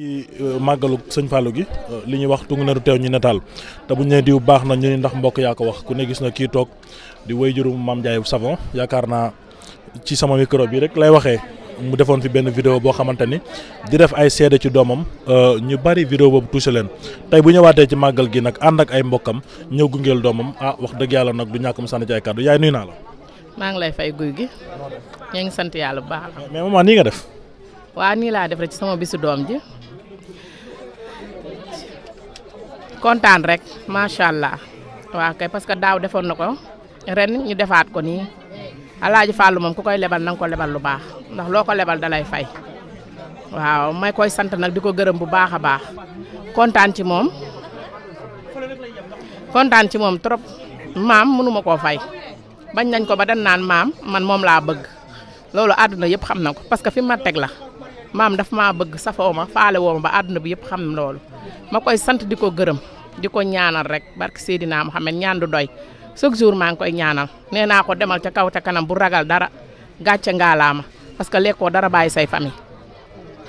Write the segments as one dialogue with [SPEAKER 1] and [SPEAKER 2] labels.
[SPEAKER 1] ci euh, màggalu sëñ Fallou gi euh, li ñuy wax tungu naru teew ñi nataal te bu ñu nee diw baax na ñu ni ndax mbokk yaa ko wax ku ne gis na kii toog di way jurum Maam Ndiaye Savon yaakaar naa ci sama micro bi rek lay waxee mu defoon fi benn vidéo boo xamante ni di def ay seede ci doomam euh, ñu bari vidéo boobu touché leen tey bu ñëwaatee ci màggal gi nag ànd ay mbokkam ñëw gungeel doomam ah wax dëgg yàlla nag du ñàkkum sànni ci ay kàddu yaay nuyu naa la.
[SPEAKER 2] maa ngi lay fay guy gi. ñu ngi sant yàlla bu baax. mais maman nii nga def. waaw nii laa def rek ci sama bisu doom ji. kontaan rek macha allah waaw kay parce que daaw defoon na ko ren ñu defaat ko nii alaaji Fallou moom ku koy lebal na ko lebal lu baax ndax loo ko lebal dalay fay waaw may koy sant nag di ko gërëm bu baax a baax kontaan ci moom kontaan ci moom trop maam mënuma koo fay bañ nañ ko ba dan naan maam man moom laa bëgg loolu na yëpp xam na ko parce que fi ma teg la. maam daf maa bëgg safoo ma faale woo ba àdduna bi yëpp xam loolu ma koy sant di ko gërëm di ko ñaanal rek barke Seydina Mohamed ñaan du doy chaque jour maa ngi koy ñaanal nee naa ko demal ca kaw ca kanam bu ragal dara gàcce ngaalaama parce que lekkoo dara bàyyi say famille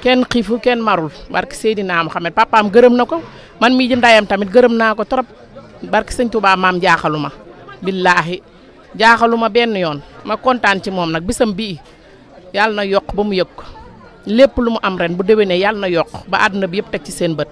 [SPEAKER 2] kenn xiifu kenn marul barke Seydina Mohamed papaam gërëm na ko man mii ji ndayam tamit gërëm naa ko trop barke sëñ Touba maam jaaxalu ma billaahi jaaxalu ma benn yoon ma kontaan ci moom nag bisam bii yàlla na yokk ba mu yëg ko lépp lu mu am ren bu déwénee yàlla na yokk ba àdduna bi yëpp teg ci seen bët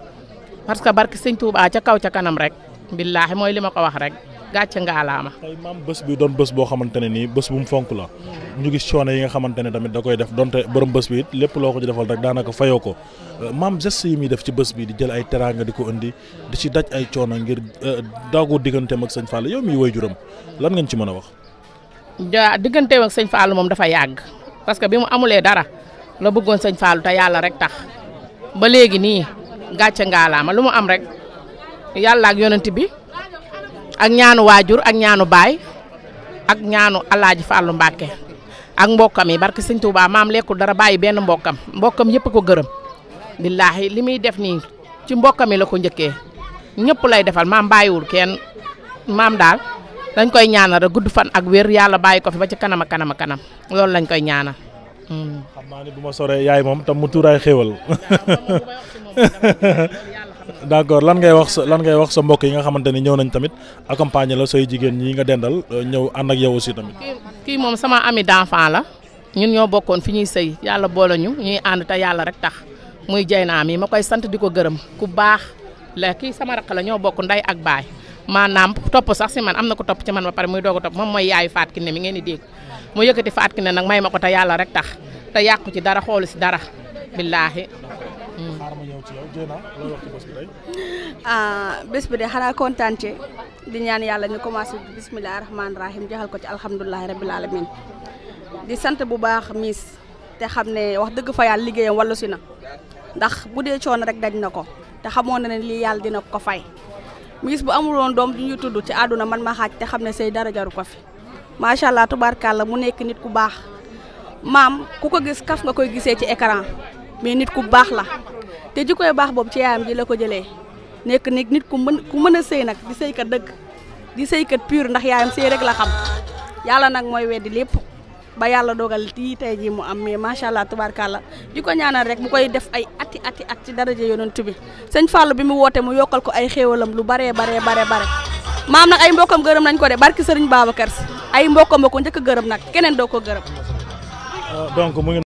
[SPEAKER 2] parce que barki sëñ Touba ca kaw ca kanam rek billaahi mooy li ma ko wax rek gàcce ngaalaama. tey
[SPEAKER 1] maam bés bi doon bés boo xamante ne nii bés bu mu fonk la hmm. ñu gis coono yi nga xamante ne tamit da koy def donte borom bés bi it lépp loo ko ci defal rek daanaka fayoo ko euh, maam geste yi muy def ci bés bi di jël ay teraanga di ko indi di ci daj ay coono ngir euh, daagu digganteem ak sëñ Fall yow mi woy juram lan ngeen ci mën a wax.
[SPEAKER 2] ja digganteem ak sëñ Fall moom dafa yàgg parce que bi mu amulee dara. la bëggoon sëñ Fallou te yàlla rek tax ba léegi nii gàcce ngaalaama lu mu am rek yàlla ak yonent bi ak ñaanu waajur ak ñaanu baay ak ñaanu alaaji Fallou Mbacke ak mbokkam yi barke sëñ Touba maam lekkul dara bàyyi benn mbokkam mbokkam yëpp ko gërëm billaahi li muy def nii ci mbokkam yi la ko njëkkee ñëpp lay defal maam bàyyiwul kenn maam daal dañ koy ñaanal rek gudd fan ak wér yàlla bàyyi ko fi ba ci kanam a kanam a lañ koy ñaanal.
[SPEAKER 1] Hmm. xam naa ne bu ma soree yaay moom tam mu tuuraay xéewal d'accord lan ngay wax sa lan ngay wax sa mbokk yi nga xamante ni ñëw nañ tamit accompagner la say jigéen ñi nga dendal euh, ñëw ànd ak yow aussi tamit.
[SPEAKER 2] kii moom sama ami d'enfant la ñun ñoo bokkoon fi ñuy sëy yàlla boole ñu ñuy ànd te yàlla rek tax muy Dieyna mi ma koy sant di ko gërëm ku baax la kii sama rakk la ñoo bokk nday ak baay maanaam topp sax si man am na ko topp ci man ba pare muy doog a topp moom mooy yaayu Fatou Kiné ngeen di te yàqu ci dara xoolu si dara billaahi
[SPEAKER 1] hmm.
[SPEAKER 3] ah bés bi de xanaa kontaan ci di ñaan yàlla ñu commencé bi bisimilah rahmaani rahim ko ci alhamdulilah rabil alamin di sant bu baax miis te xam ne wax dëgg fa yàlla liggéeyam wallu si na ndax bu dee coono rek daj na ko te xamoon na ne lii yàlla dina ko fay miis bu amul woon doom du ñuy tudd ci àdduna man ma xaaj te xam ne say dara jaru ko fi macha allah tubaarkàlla mu nekk nit ku baax. maam ku ko gis kaf nga koy gisee ci écran mais nit ku baax la te ji koy baax boobu ci yaayam ji la ko jëlee nekk nit nit ku mën ku mën a sëy nag di sëykat dëgg di sëykat pur ndax yaayam sëy rek la xam yàlla nag mooy weddi lépp ba yàlla dogal tii tey jii mu am mais macha allah tubaar tubaarkàlla di ko ñaanal rek mu koy def ay ati ati at ci daraja yonent bi sëñ Fallou bi mu woote mu yokkal ko ay xéewalam lu baree baree bare bare maam nag ay mbokkam gërëm nañ ko de barki sëriñ Babacar Si ay mbokkam ba ko njëkk gërëm nag keneen doo ko gërëm Euh,
[SPEAKER 1] donc mu